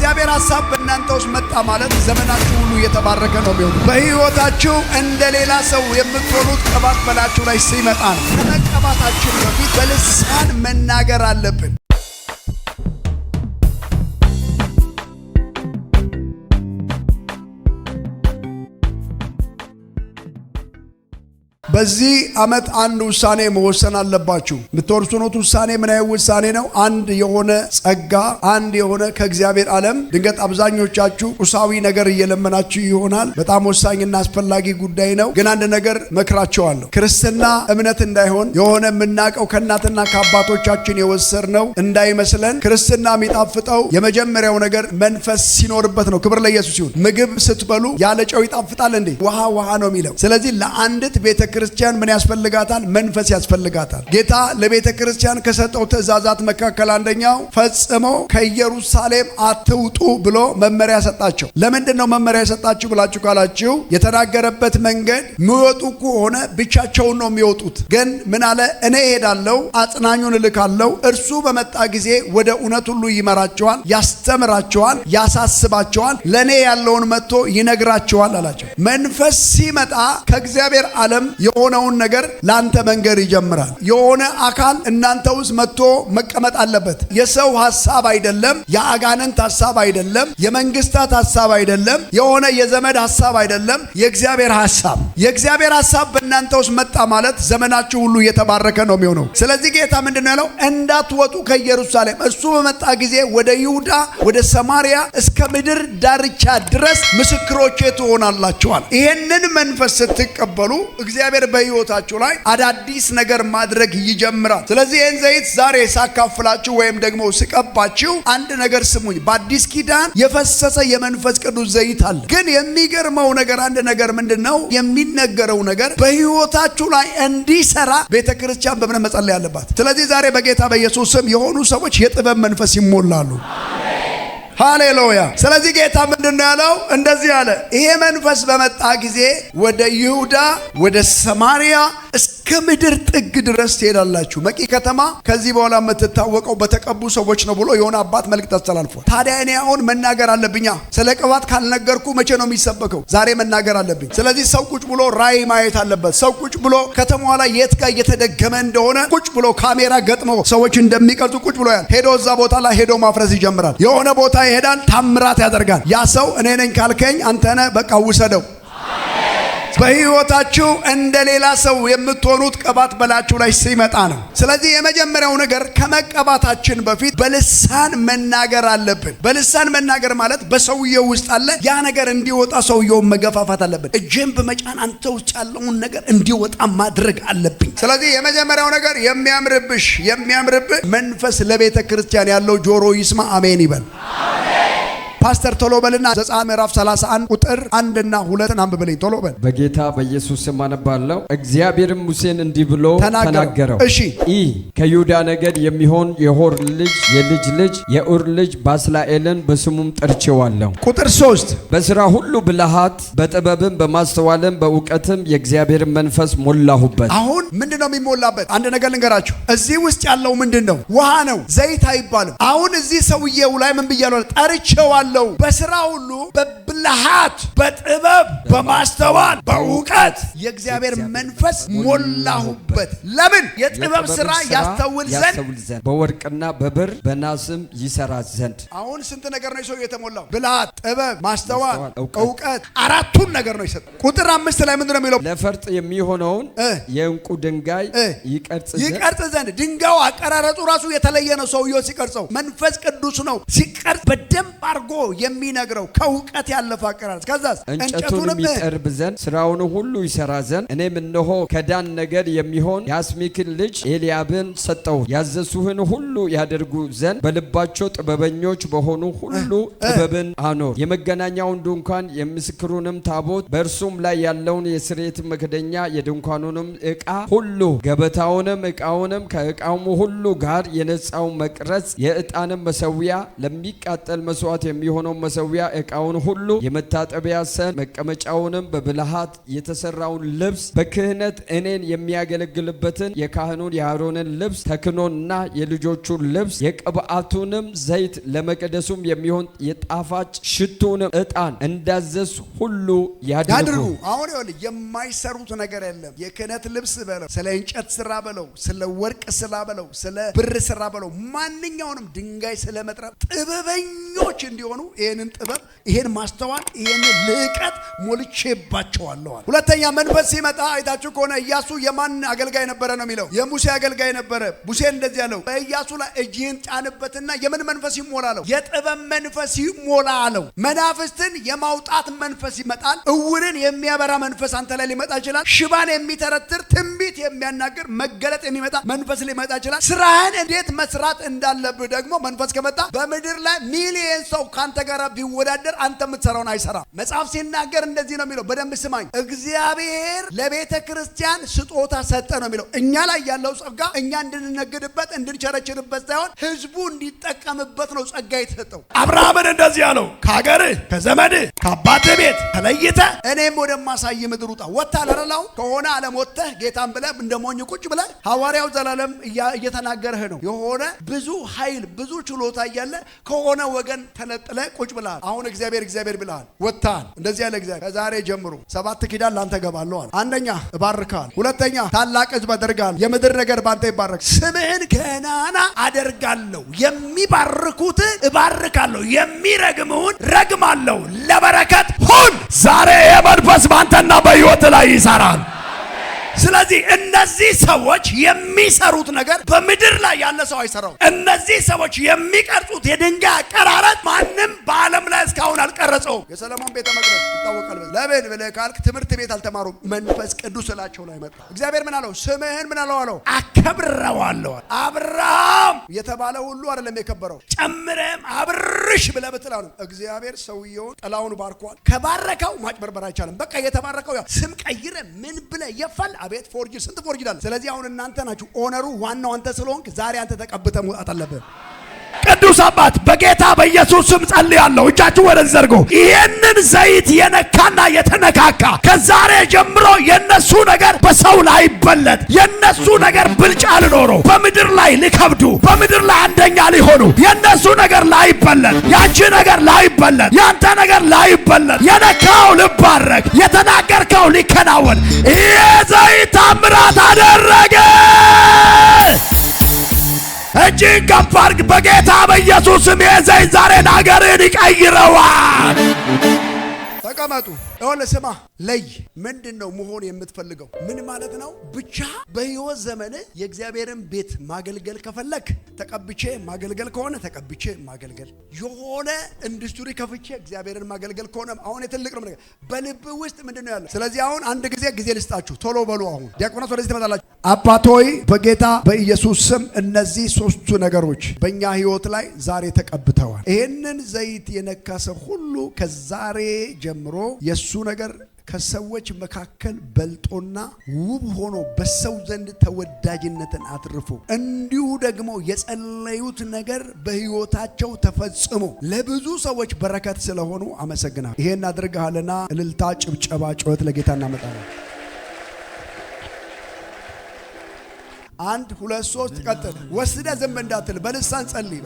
የእግዚአብሔር ሐሳብ በእናንተ ውስጥ መጣ ማለት ዘመናችሁ ሁሉ እየተባረከ ነው የሚሆኑ። በሕይወታችሁ እንደ ሌላ ሰው የምትሆኑት ቅባት በላችሁ ላይ ሲመጣ ነው። ከመቀባታችን በፊት በልሳን መናገር አለብን። በዚህ ዓመት አንድ ውሳኔ መወሰን አለባችሁ። የምትወርሱኑት ውሳኔ ምን አይነት ውሳኔ ነው? አንድ የሆነ ጸጋ፣ አንድ የሆነ ከእግዚአብሔር ዓለም። ድንገት አብዛኞቻችሁ ቁሳዊ ነገር እየለመናችሁ ይሆናል። በጣም ወሳኝና አስፈላጊ ጉዳይ ነው። ግን አንድ ነገር መክራቸዋለሁ። ክርስትና እምነት እንዳይሆን የሆነ የምናውቀው ከእናትና ከአባቶቻችን የወሰድነው እንዳይመስለን። ክርስትና የሚጣፍጠው የመጀመሪያው ነገር መንፈስ ሲኖርበት ነው። ክብር ለኢየሱስ ይሁን። ምግብ ስትበሉ ያለ ጨው ይጣፍጣል እንዴ? ውሃ ውሃ ነው የሚለው። ስለዚህ ለአንዲት ቤተ ክርስቲያን ክርስቲያን ምን ያስፈልጋታል? መንፈስ ያስፈልጋታል። ጌታ ለቤተ ክርስቲያን ከሰጠው ትእዛዛት መካከል አንደኛው ፈጽሞ ከኢየሩሳሌም አትውጡ ብሎ መመሪያ ሰጣቸው። ለምንድን ነው መመሪያ የሰጣችሁ ብላችሁ ካላችሁ የተናገረበት መንገድ የሚወጡ ከሆነ ብቻቸውን ነው የሚወጡት። ግን ምን አለ? እኔ እሄዳለሁ፣ አጽናኙን እልካለሁ። እርሱ በመጣ ጊዜ ወደ እውነት ሁሉ ይመራቸዋል፣ ያስተምራቸዋል፣ ያሳስባቸዋል፣ ለእኔ ያለውን መጥቶ ይነግራቸዋል አላቸው። መንፈስ ሲመጣ ከእግዚአብሔር ዓለም የሆነውን ነገር ላንተ መንገር ይጀምራል። የሆነ አካል እናንተ ውስጥ መጥቶ መቀመጥ አለበት። የሰው ሀሳብ አይደለም፣ የአጋንንት ሀሳብ አይደለም፣ የመንግስታት ሀሳብ አይደለም፣ የሆነ የዘመድ ሀሳብ አይደለም፣ የእግዚአብሔር ሀሳብ። የእግዚአብሔር ሀሳብ በእናንተ ውስጥ መጣ ማለት ዘመናችሁ ሁሉ እየተባረከ ነው የሚሆነው። ስለዚህ ጌታ ምንድን ነው ያለው? እንዳትወጡ ከኢየሩሳሌም። እሱ በመጣ ጊዜ ወደ ይሁዳ፣ ወደ ሰማሪያ እስከ ምድር ዳርቻ ድረስ ምስክሮቼ ትሆናላችኋል። ይሄንን መንፈስ ስትቀበሉ እግዚአብሔር በህይወታችሁ ላይ አዳዲስ ነገር ማድረግ ይጀምራል። ስለዚህ ይህን ዘይት ዛሬ ሳካፍላችሁ ወይም ደግሞ ስቀባችሁ አንድ ነገር ስሙኝ። በአዲስ ኪዳን የፈሰሰ የመንፈስ ቅዱስ ዘይት አለ። ግን የሚገርመው ነገር አንድ ነገር ምንድን ነው? የሚነገረው ነገር በህይወታችሁ ላይ እንዲሰራ ቤተ ክርስቲያን በእምነት መጸለይ አለባት። ስለዚህ ዛሬ በጌታ በኢየሱስ ስም የሆኑ ሰዎች የጥበብ መንፈስ ይሞላሉ። ሃሌሉያ። ስለዚህ ጌታ ምንድን ያለው? እንደዚህ አለ፣ ይሄ መንፈስ በመጣ ጊዜ ወደ ይሁዳ፣ ወደ ሰማሪያ እስከ ምድር ጥግ ድረስ ትሄዳላችሁ። መቂ ከተማ ከዚህ በኋላ የምትታወቀው በተቀቡ ሰዎች ነው ብሎ የሆነ አባት መልእክት አስተላልፏል። ታዲያ እኔ አሁን መናገር አለብኛ። ስለ ቅባት ካልነገርኩ መቼ ነው የሚሰበከው? ዛሬ መናገር አለብኝ። ስለዚህ ሰው ቁጭ ብሎ ራእይ ማየት አለበት። ሰው ቁጭ ብሎ ከተማዋ ላይ የት ጋር እየተደገመ እንደሆነ ቁጭ ብሎ ካሜራ ገጥሞ ሰዎች እንደሚቀርጹ ቁጭ ብሎ ያል ሄዶ እዛ ቦታ ላይ ሄዶ ማፍረስ ይጀምራል። የሆነ ቦታ ይሄዳል፣ ታምራት ያደርጋል። ያ ሰው እኔ ነኝ ካልከኝ አንተ ነህ፣ በቃ ውሰደው። በህይወታችሁ እንደ ሌላ ሰው የምትሆኑት ቅባት በላችሁ ላይ ሲመጣ ነው። ስለዚህ የመጀመሪያው ነገር ከመቀባታችን በፊት በልሳን መናገር አለብን። በልሳን መናገር ማለት በሰውየው ውስጥ አለ ያ ነገር እንዲወጣ ሰውየውን መገፋፋት አለብን። እጅም በመጫን አንተ ውስጥ ያለውን ነገር እንዲወጣ ማድረግ አለብኝ። ስለዚህ የመጀመሪያው ነገር የሚያምርብሽ የሚያምርብህ መንፈስ ለቤተ ክርስቲያን ያለው ጆሮ ይስማ፣ አሜን ይበል። ፓስተር ቶሎ በልና ዘጸአት ምዕራፍ 31 ቁጥር አንድና ሁለትን አንብብልኝ ቶሎ በል። በጌታ በኢየሱስ ስም አነባለሁ። እግዚአብሔርም ሙሴን እንዲህ ብሎ ተናገረው። እሺ ይህ ከይሁዳ ነገድ የሚሆን የሆር ልጅ የልጅ ልጅ የኡር ልጅ ባስላኤልን በስሙም ጠርቼዋለሁ። ቁጥር ሶስት በስራ ሁሉ ብልሃት በጥበብም በማስተዋልም በእውቀትም የእግዚአብሔርን መንፈስ ሞላሁበት። አሁን ምንድን ነው የሚሞላበት? አንድ ነገር ልንገራችሁ። እዚህ ውስጥ ያለው ምንድን ነው? ውሃ ነው። ዘይት አይባልም። አሁን እዚህ ሰውዬው ላይ ምን ብያለሁ? ጠርቼዋለሁ ባለው በስራ ሁሉ በብልሃት በጥበብ በማስተዋል በእውቀት የእግዚአብሔር መንፈስ ሞላሁበት። ለምን የጥበብ ስራ ያስተውል ዘንድ በወርቅና በብር በናስም ይሰራ ዘንድ። አሁን ስንት ነገር ነው ሰው የተሞላው? ብልሃት፣ ጥበብ፣ ማስተዋል፣ እውቀት አራቱን ነገር ነው ይሰጥ። ቁጥር አምስት ላይ ምንድን ነው የሚለው? ለፈርጥ የሚሆነውን የእንቁ ድንጋይ ይቀርጽ ዘንድ። ድንጋዩ አቀራረጹ ራሱ የተለየ ነው። ሰውየው ሲቀርጸው መንፈስ ቅዱስ ነው ሲቀርጽ በደንብ አድርጎ የሚነግረው ከእውቀት ያለፈ አቀራረጽ ከዛስ እንጨቱንም ይጠርብ ዘንድ ስራውን ሁሉ ይሰራ ዘንድ እኔም እነሆ ከዳን ነገድ የሚሆን የአስሚክን ልጅ ኤልያብን ሰጠው ያዘሱህን ሁሉ ያደርጉ ዘንድ በልባቸው ጥበበኞች በሆኑ ሁሉ ጥበብን አኖር። የመገናኛውን ድንኳን የምስክሩንም ታቦት በእርሱም ላይ ያለውን የስሬት መክደኛ የድንኳኑንም እቃ ሁሉ ገበታውንም እቃውንም ከዕቃውም ሁሉ ጋር የነጻው መቅረጽ የዕጣንም መሰዊያ ለሚቃጠል መስዋዕት የሚ የሚሆነው መሰዊያ እቃውን ሁሉ የመታጠቢያ ሰን መቀመጫውንም በብልሃት የተሰራውን ልብስ በክህነት እኔን የሚያገለግልበትን የካህኑን የአሮንን ልብስ ተክኖና የልጆቹን ልብስ የቅብአቱንም ዘይት ለመቀደሱም የሚሆን የጣፋጭ ሽቱንም እጣን እንዳዘዝ ሁሉ ያድርጉ። አሁን ሆን የማይሰሩት ነገር የለም። የክህነት ልብስ በለው፣ ስለ እንጨት ስራ በለው፣ ስለ ወርቅ ስራ በለው፣ ስለ ብር ስራ በለው፣ ማንኛውንም ድንጋይ ስለ መጥረብ ጥበበኞች እንዲሆኑ ስለሆኑ ይህንን ጥበብ፣ ይህን ማስተዋል፣ ይህንን ልዕቀት ሞልቼባቸዋለዋል። ሁለተኛ መንፈስ ሲመጣ አይታችሁ ከሆነ እያሱ የማን አገልጋይ ነበረ ነው የሚለው? የሙሴ አገልጋይ ነበረ። ሙሴ እንደዚህ ያለው በእያሱ ላይ እጅህን ጫንበትና የምን መንፈስ ይሞላ አለው? የጥበብ መንፈስ ይሞላ አለው። መናፍስትን የማውጣት መንፈስ ይመጣል። እውርን የሚያበራ መንፈስ አንተ ላይ ሊመጣ ይችላል። ሽባን የሚተረትር ትንቢት የሚያናግር መገለጥ የሚመጣ መንፈስ ሊመጣ ይችላል። ስራህን እንዴት መስራት እንዳለብህ ደግሞ መንፈስ ከመጣ በምድር ላይ ሚሊየን ሰው ካ? ከአንተ ጋር ቢወዳደር አንተ የምትሰራውን አይሰራም። መጽሐፍ ሲናገር እንደዚህ ነው የሚለው። በደንብ ስማኝ። እግዚአብሔር ለቤተ ክርስቲያን ስጦታ ሰጠ ነው የሚለው። እኛ ላይ ያለው ጸጋ እኛ እንድንነግድበት እንድንቸረችርበት ሳይሆን ህዝቡ እንዲጠቀምበት ነው ጸጋ የተሰጠው። አብርሃምን እንደዚያ ነው ከሀገርህ ከዘመድህ ከአባት ቤት ተለይተ እኔም ወደማሳይ ምድር ውጣ ወታ ለረላው ከሆነ አለም ወጥተህ ጌታን ብለ እንደ ሞኝ ቁጭ ብለ ሐዋርያው ዘላለም እየተናገረህ ነው። የሆነ ብዙ ኃይል ብዙ ችሎታ እያለ ከሆነ ወገን ተነጥለ ላይ ቁጭ ብልሃል። አሁን እግዚአብሔር እግዚአብሔር ብልሃል። ወጥተሃል። እንደዚህ ያለ እግዚአብሔር ከዛሬ ጀምሮ ሰባት ኪዳን ላንተ ገባለሁ አለ። አንደኛ እባርካል፣ ሁለተኛ ታላቅ ህዝብ አደርጋል። የምድር ነገር ባንተ ይባረክ። ስምህን ገናና አደርጋለሁ። የሚባርኩት እባርካለሁ፣ የሚረግምውን ረግማለሁ። ለበረከት ሁን። ዛሬ የመንፈስ ባንተና በህይወት ላይ ይሰራል። ስለዚህ እነዚህ ሰዎች የሚሰሩት ነገር በምድር ላይ ያለ ሰው አይሰራው። እነዚህ ሰዎች የሚቀርጹት የድንጋይ አቀራረጥ ማንም በዓለም ላይ እስካሁን አልቀረጸው የሰለሞን ቤተ መቅደስ ይታወቃል። ለምን ብለህ ካልክ ትምህርት ቤት አልተማሩም። መንፈስ ቅዱስ እላቸው ላይ መጣ። እግዚአብሔር ምን አለው? ስምህን ምን አለው አለው አከብረዋለዋል። አብርሃም የተባለ ሁሉ አይደለም የከበረው። ጨምረም አብርሽ ብለህ ብትላ ነው እግዚአብሔር ሰውየውን ጥላውን ባርኳል። ከባረከው ማጭበርበር አይቻልም። በቃ የተባረከው ስም ቀይረ ምን ብለህ የፋል አቤት ፎርጅ ስንት ፎርጅ ዳለ። ስለዚህ አሁን እናንተ ናችሁ ኦነሩ ዋናው አንተ ስለሆንክ ዛሬ አንተ ተቀብተ መውጣት አለብህ። ቅዱስ አባት በጌታ በኢየሱስ ስም ጸልያለሁ። እጃችሁ ወደዚህ ዘርጉ። ይሄንን ዘይት የነካና የተነካካ ከዛሬ ጀምሮ የነሱ ነገር በሰው ላይ ይበለጥ፣ የነሱ ነገር ብልጫ ሊኖሩ፣ በምድር ላይ ሊከብዱ፣ በምድር ላይ አንደኛ ሊሆኑ፣ የነሱ ነገር ላይ ይበለጥ፣ ያንቺ ነገር ላይ ይበለጥ፣ ያንተ ነገር ላይ ይበለጥ። የነካው ልባረክ፣ የተናገርከው ሊከናወን፣ ይሄ ዘይት ታምራት አደረገ። እጅን ከፍ አድርግ። በጌታ ስም የዘይት ዛሬን አገርን ይቀይረዋል። ተቀመጡ። የሆነ ስማ ለይ ምንድን ነው መሆን የምትፈልገው? ምን ማለት ነው? ብቻ በህይወት ዘመን የእግዚአብሔርን ቤት ማገልገል ከፈለክ ተቀብቼ ማገልገል ከሆነ ተቀብቼ ማገልገል፣ የሆነ ኢንዱስትሪ ከፍቼ እግዚአብሔርን ማገልገል ከሆነ አሁን የትልቅ ነው ነገር በልብ ውስጥ ምንድን ነው ያለው? ስለዚህ አሁን አንድ ጊዜ ጊዜ ልስጣችሁ፣ ቶሎ በሉ። አሁን ዲያቆናት ወደዚህ ትመጣላችሁ። አባቶይ በጌታ በኢየሱስ ስም እነዚህ ሶስቱ ነገሮች በእኛ ህይወት ላይ ዛሬ ተቀብተዋል። ይህንን ዘይት የነካሰ ሁሉ ከዛሬ ጀምሮ የእሱ ነገር ከሰዎች መካከል በልጦና ውብ ሆኖ በሰው ዘንድ ተወዳጅነትን አትርፎ እንዲሁ ደግሞ የጸለዩት ነገር በሕይወታቸው ተፈጽሞ ለብዙ ሰዎች በረከት ስለሆኑ አመሰግናል። ይሄን አድርገሃልና እልልታ፣ ጭብጨባ፣ ጩኸት ለጌታ እናመጣለን። አንድ ሁለት ሶስት ቀጥል። ወስደ ዝም እንዳትል፣ በልሳን ጸልይ።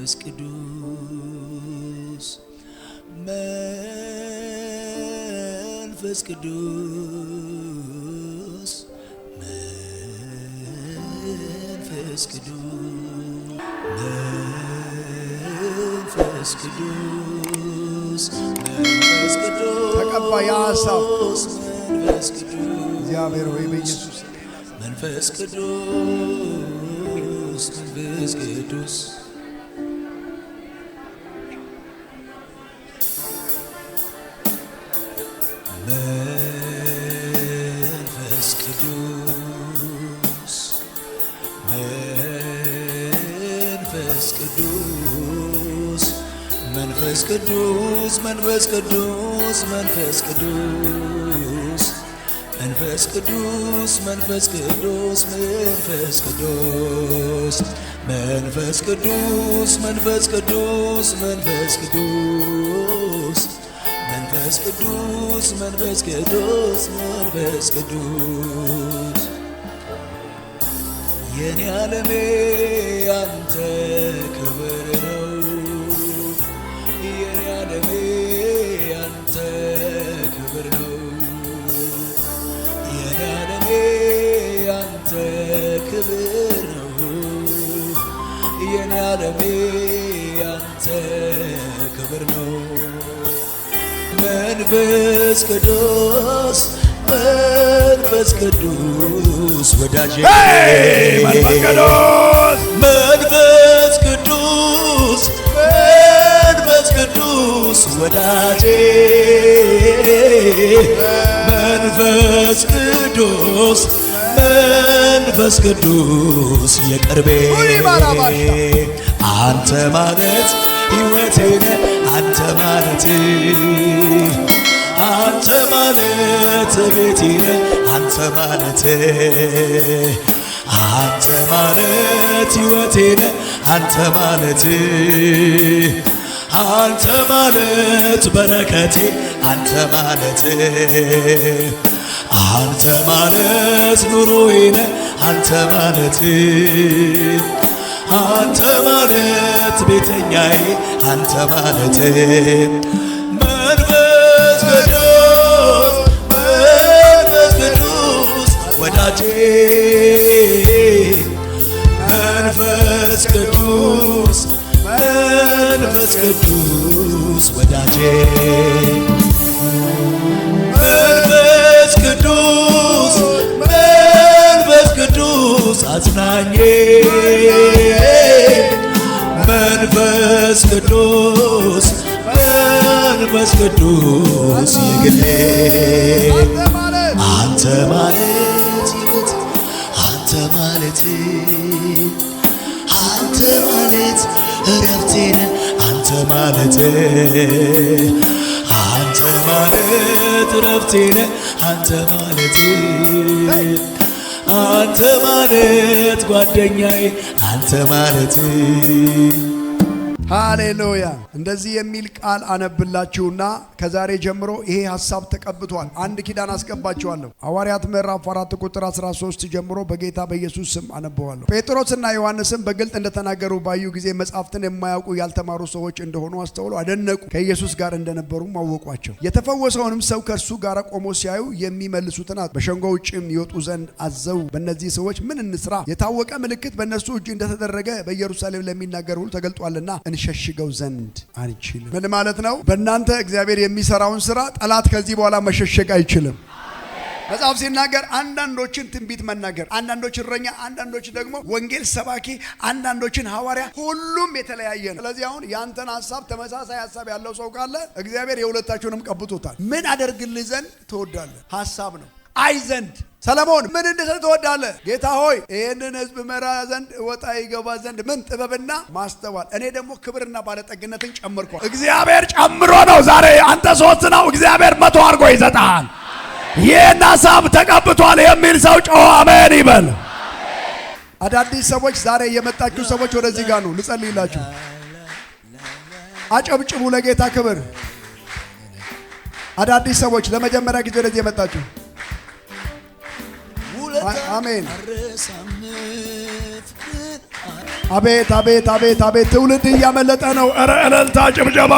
መንፈስ ቅዱስ መንፈስ ቅዱስ መንፈስ ቅዱስ መንፈስ ቅዱስ መንፈስ ቅዱስ ተቀባ የአሳብ መንፈስ ቅዱስ እግዚአብሔር ሆይ በኢየሱስ መንፈስ ቅዱስ መንፈስ ቅዱስ ቅዱስ መንፈስ ቅዱስ መንፈስ ቅዱስ መንፈስ ቅዱስ መንፈስ ቅዱስ መንፈስ ቅዱስ መንፈስ ቅዱስ መንፈስ ቅዱስ መንፈስ ቅዱስ መንፈስ ቅዱስ መንፈስ ቅዱስ መንፈስ ቅዱስ የኔ ዓለሜ አንተ ክብ ያንተ ክብር ነው የኔ ዓለሜ ያንተ ክብር ነው መንፈስ ቅዱስ መንፈስ ቅዱስ ወዳጄ መንፈስ ቅዱስ መንፈስ ቅዱስ መንፈስ ቅዱስ ወዳጄ መንፈስ ቅዱስ መንፈስ ቅዱስ የቅርቤ አንተ ማለት ሕይወቴ አንተ ማለት አንተ ማለት ቤቴ አንተ ማለት አንተ ማለት ሕይወቴ አንተ ማለት አንተ ማለት በረከቴ አንተ ማለት አንተ ማለት ኑሮዬነ አንተ ማለት አንተ ማለት ቤተኛዬ አንተ ማለት መንፈስ ቅዱስ መንፈስ ቅዱስ ወዳጄ መንፈስ ቅዱስ መንፈስ ቅዱስ ወዳጄ አጽናኜ መንፈስ ቅዱስ መንፈስ ቅዱስ የግሌ አንተ ማለት አንተ ማለት አንተ ማለት እረፍቴን አንተ ማለት አንተ ማለት እረፍቴን አንተ ማለት አንተ ማለት ጓደኛዬ አንተ ማለት ሃሌሉያ። እንደዚህ የሚል ቃል አነብላችሁና ከዛሬ ጀምሮ ይሄ ሀሳብ ተቀብቷል። አንድ ኪዳን አስገባችኋለሁ። ሐዋርያት ምዕራፍ 4 ቁጥር 13 ጀምሮ በጌታ በኢየሱስ ስም አነበዋለሁ። ጴጥሮስና ዮሐንስም በግልጥ እንደተናገሩ ባዩ ጊዜ መጻሕፍትን የማያውቁ ያልተማሩ ሰዎች እንደሆኑ አስተውሎ አደነቁ። ከኢየሱስ ጋር እንደነበሩ አወቋቸው። የተፈወሰውንም ሰው ከእርሱ ጋር ቆሞ ሲያዩ የሚመልሱትን በሸንጎ ውጭም ይወጡ ዘንድ አዘው። በእነዚህ ሰዎች ምን እንስራ? የታወቀ ምልክት በእነሱ እጅ እንደተደረገ በኢየሩሳሌም ለሚናገር ሁሉ ተገልጧልና ልሸሽገው ዘንድ አንችልም። ምን ማለት ነው? በእናንተ እግዚአብሔር የሚሰራውን ስራ ጠላት ከዚህ በኋላ መሸሸግ አይችልም። መጽሐፍ ሲናገር አንዳንዶችን ትንቢት መናገር፣ አንዳንዶች እረኛ፣ አንዳንዶች ደግሞ ወንጌል ሰባኪ፣ አንዳንዶችን ሐዋርያ፣ ሁሉም የተለያየ ነው። ስለዚህ አሁን ያንተን ሀሳብ ተመሳሳይ ሀሳብ ያለው ሰው ካለ እግዚአብሔር የሁለታችሁንም ቀብቶታል። ምን አደርግልህ ዘንድ ትወዳለህ? ሀሳብ ነው። አይ ዘንድ ሰለሞን ምን እንድሰጥ ትወዳለህ? ጌታ ሆይ ይህንን ህዝብ መራ ዘንድ ወጣ ይገባ ዘንድ ምን ጥበብና ማስተዋል፣ እኔ ደግሞ ክብርና ባለጠግነትን ጨምርኳል። እግዚአብሔር ጨምሮ ነው። ዛሬ አንተ ሶስት ነው፣ እግዚአብሔር መቶ አድርጎ ይሰጣል። ይህን ሀሳብ ተቀብቷል የሚል ሰው ጮ አሜን ይበል። አዳዲስ ሰዎች ዛሬ የመጣችሁ ሰዎች ወደዚህ ጋር ነው ልጸልይላችሁ። አጨብጭቡ ለጌታ ክብር። አዳዲስ ሰዎች ለመጀመሪያ ጊዜ ወደዚህ የመጣችሁ አሜን። አቤት አቤት አቤት አቤት! ትውልድ እያመለጠ ነው። እረ እልልታ፣ ጭብጨባ!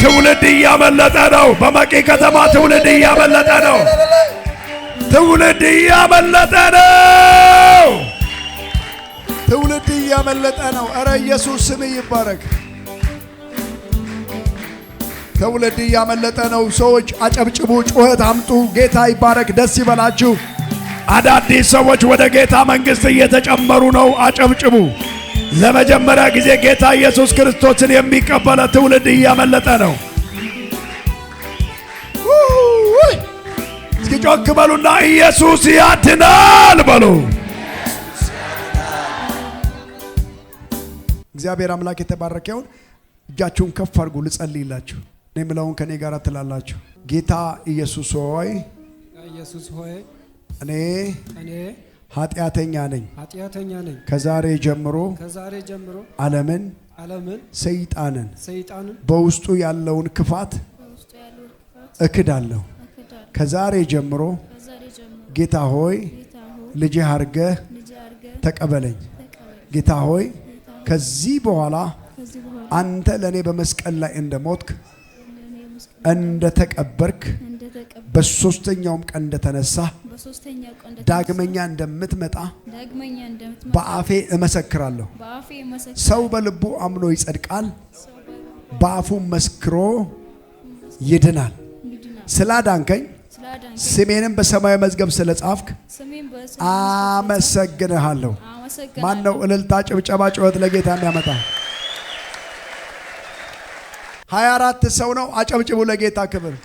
ትውልድ እያመለጠ ነው። በመቂ ከተማ ትውልድ እያመለጠ ነው። ትውልድ እያመለጠ ነው። ትውልድ እያመለጠ ነው። እረ ኢየሱስ ስም ይባረክ። ትውልድ እያመለጠ ነው። ሰዎች አጨብጭቡ፣ ጩኸት አምጡ። ጌታ ይባረክ። ደስ ይበላችሁ። አዳዲስ ሰዎች ወደ ጌታ መንግሥት እየተጨመሩ ነው። አጨብጭቡ። ለመጀመሪያ ጊዜ ጌታ ኢየሱስ ክርስቶስን የሚቀበለ ትውልድ እያመለጠ ነው። እስኪ ጮክ በሉና ኢየሱስ ያድናል በሉ። እግዚአብሔር አምላክ የተባረከውን እጃችሁን ከፍ አድርጉ፣ ልጸልይላችሁ። እኔ የምለውን ከኔ ጋር ትላላችሁ። ጌታ ኢየሱስ ሆይ እኔ እኔ ኃጢአተኛ ነኝ ኃጢአተኛ ነኝ ከዛሬ ጀምሮ ከዛሬ ጀምሮ ዓለምን ዓለምን ሰይጣንን ሰይጣንን በውስጡ ያለውን ክፋት እክዳለሁ። ከዛሬ ጀምሮ ጌታ ሆይ ልጅህ አድርገህ ተቀበለኝ። ጌታ ሆይ ከዚህ በኋላ አንተ ለእኔ በመስቀል ላይ እንደሞትክ እንደተቀበርክ በሶስተኛውም ቀን እንደተነሳ ዳግመኛ እንደምትመጣ በአፌ እመሰክራለሁ። ሰው በልቡ አምኖ ይጸድቃል፣ በአፉ መስክሮ ይድናል። ስላዳንከኝ ስሜንም በሰማያዊ መዝገብ ስለጻፍክ አመሰግንሃለሁ። ማን ነው እልልታ፣ ጭብጨባ፣ ጩኸት ለጌታ የሚያመጣ? ሀያ አራት ሰው ነው። አጨብጭቡ ለጌታ ክብር